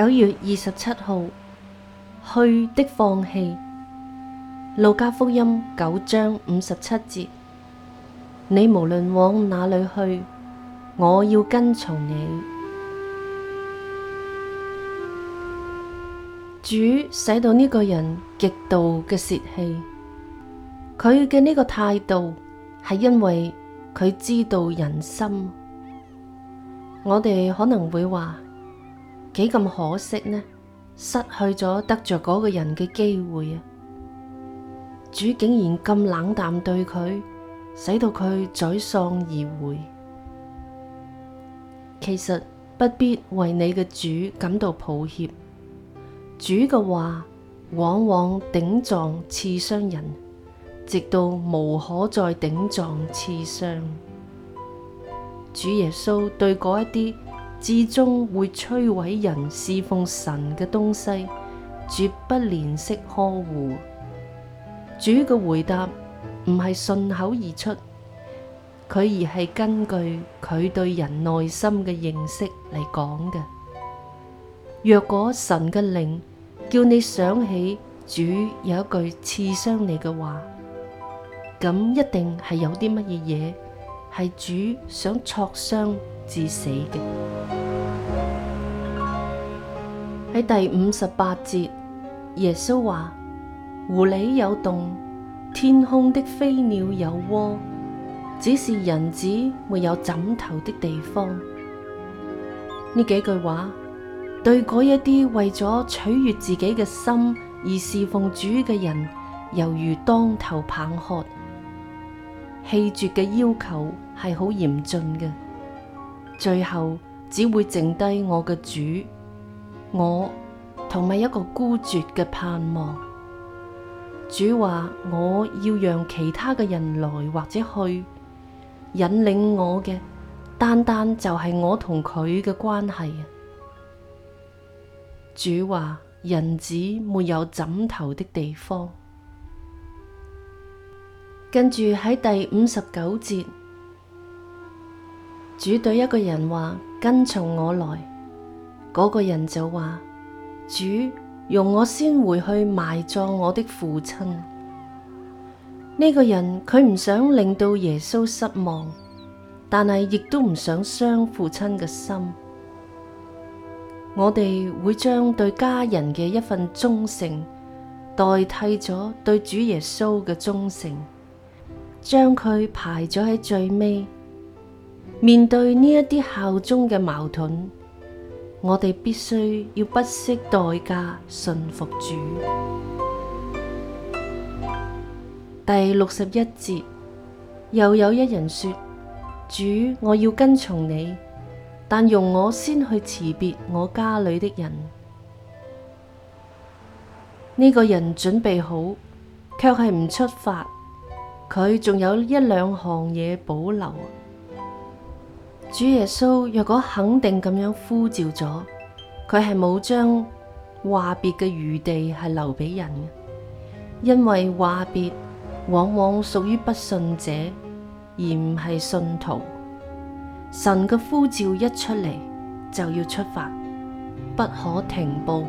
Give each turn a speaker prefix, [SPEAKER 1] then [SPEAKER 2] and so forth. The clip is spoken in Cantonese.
[SPEAKER 1] 九月二十七號，去的放棄，路加福音九章五十七節，你無論往哪裏去，我要跟從你。主使到呢個人極度嘅洩氣，佢嘅呢個態度係因為佢知道人心。我哋可能會話。幾咁可惜呢？失去咗得着嗰個人嘅機會啊！主竟然咁冷淡對佢，使到佢沮喪而回。其實不必為你嘅主感到抱歉，主嘅話往往頂撞刺傷人，直到無可再頂撞刺傷。主耶穌對嗰一啲。至終會摧毀人侍奉神嘅東西，絕不憐惜呵護。主嘅回答唔係順口而出，佢而係根據佢對人內心嘅認識嚟講嘅。若果神嘅靈叫你想起主有一句刺傷你嘅話，咁一定係有啲乜嘢嘢係主想挫傷。至死嘅喺第五十八節，耶穌話：狐狸有洞，天空的飛鳥有窩，只是人子沒有枕頭的地方。呢幾句話對嗰一啲為咗取悅自己嘅心而侍奉主嘅人，猶如當頭棒喝，棄絕嘅要求係好嚴峻嘅。最後只會剩低我嘅主，我同埋一個孤絕嘅盼望。主話我要讓其他嘅人來或者去，引領我嘅，單單就係我同佢嘅關係。主話人子沒有枕頭的地方。跟住喺第五十九節。主對一個人話：跟從我來，嗰、那個人就話：主，容我先回去埋葬我的父親。呢、這個人佢唔想令到耶穌失望，但係亦都唔想傷父親嘅心。我哋會將對家人嘅一份忠誠代替咗對主耶穌嘅忠誠，將佢排咗喺最尾。面對呢一啲效忠嘅矛盾，我哋必須要不惜代價順服主。第六十一節，又有一人說：主，我要跟從你，但容我先去辭別我家裡的人。呢個人準備好，卻係唔出發，佢仲有一兩項嘢保留。主耶穌若果肯定咁樣呼召咗，佢係冇將話別嘅餘地係留俾人嘅，因為話別往往屬於不信者，而唔係信徒。神嘅呼召一出嚟，就要出發，不可停步。